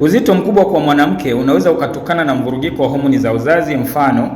Uzito mkubwa kwa mwanamke unaweza ukatokana na mvurugiko wa homoni za uzazi, mfano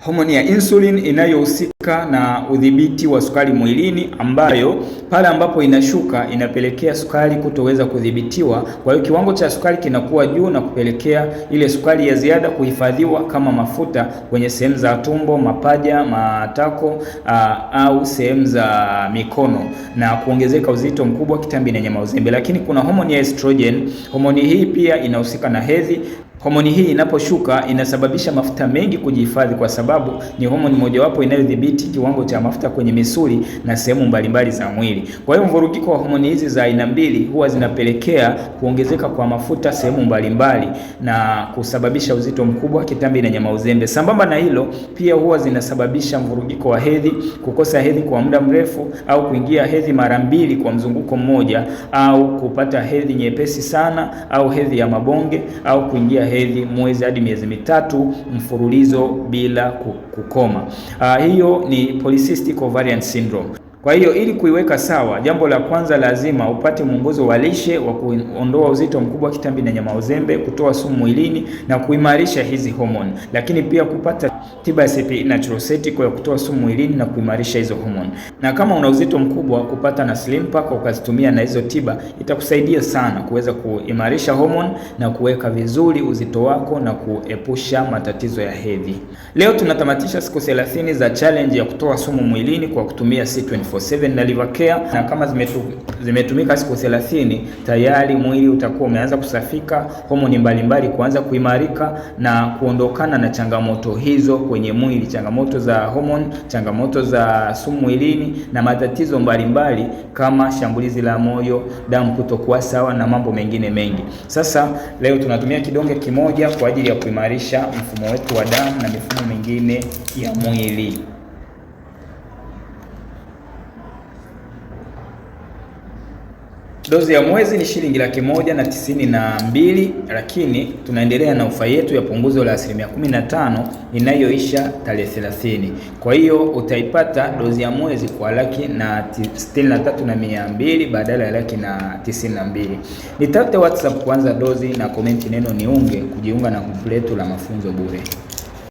homoni ya insulin inayohusika na udhibiti wa sukari mwilini, ambayo pale ambapo inashuka inapelekea sukari kutoweza kudhibitiwa. Kwa hiyo kiwango cha sukari kinakuwa juu na kupelekea ile sukari ya ziada kuhifadhiwa kama mafuta kwenye sehemu za tumbo, mapaja, matako aa, au sehemu za mikono na kuongezeka uzito mkubwa, kitambi na nyama uzembe. Lakini kuna homoni ya estrogen. Homoni hii pia inahusika na hedhi Homoni hii inaposhuka inasababisha mafuta mengi kujihifadhi, kwa sababu ni homoni mojawapo inayodhibiti kiwango cha mafuta kwenye misuli na sehemu mbalimbali za mwili. Kwa hiyo mvurugiko wa homoni hizi za aina mbili huwa zinapelekea kuongezeka kwa mafuta sehemu mbalimbali na kusababisha uzito mkubwa, kitambi na nyama uzembe. Sambamba na hilo, pia huwa zinasababisha mvurugiko wa hedhi, kukosa hedhi kwa muda mrefu au kuingia hedhi mara mbili kwa mzunguko mmoja, au kupata hedhi nyepesi sana au hedhi ya mabonge au kuingia hedhi mwezi hadi miezi mitatu mfululizo bila kukoma. Uh, hiyo ni polycystic ovarian syndrome. Kwa hiyo ili kuiweka sawa, jambo la kwanza lazima upate mwongozo wa lishe wa kuondoa uzito mkubwa, kitambi na nyama uzembe, kutoa sumu mwilini na kuimarisha hizi homoni, lakini pia kupata tiba ya CPE naturoset kwa kutoa sumu mwilini na kuimarisha hizo homoni, na kama una uzito mkubwa, kupata na slim pack ukazitumia na hizo tiba itakusaidia sana kuweza kuimarisha homoni na kuweka vizuri uzito wako na kuepusha matatizo ya hedhi. Leo tunatamatisha siku 30 za challenge ya kutoa sumu mwilini kwa kutumia C24 24/7 na liver care, na kama zimetu, zimetumika siku 30 tayari mwili utakuwa umeanza kusafika, homoni mbalimbali kuanza kuimarika na kuondokana na changamoto hizo kwenye mwili, changamoto za homoni, changamoto za sumu mwilini na matatizo mbalimbali mbali, kama shambulizi la moyo, damu kutokuwa sawa na mambo mengine mengi. Sasa leo tunatumia kidonge kimoja kwa ajili ya kuimarisha mfumo wetu wa damu na mifumo mingine ya mwili. Dozi ya mwezi ni shilingi laki moja na tisini na mbili, lakini tunaendelea na ofa yetu ya punguzo la asilimia 15 inayoisha tarehe 30. Kwa hiyo utaipata dozi ya mwezi kwa laki na sitini na tatu na mia mbili badala ya laki na tisini na mbili. Nitafute WhatsApp kwanza dozi na komenti neno niunge kujiunga na grupu letu la mafunzo bure.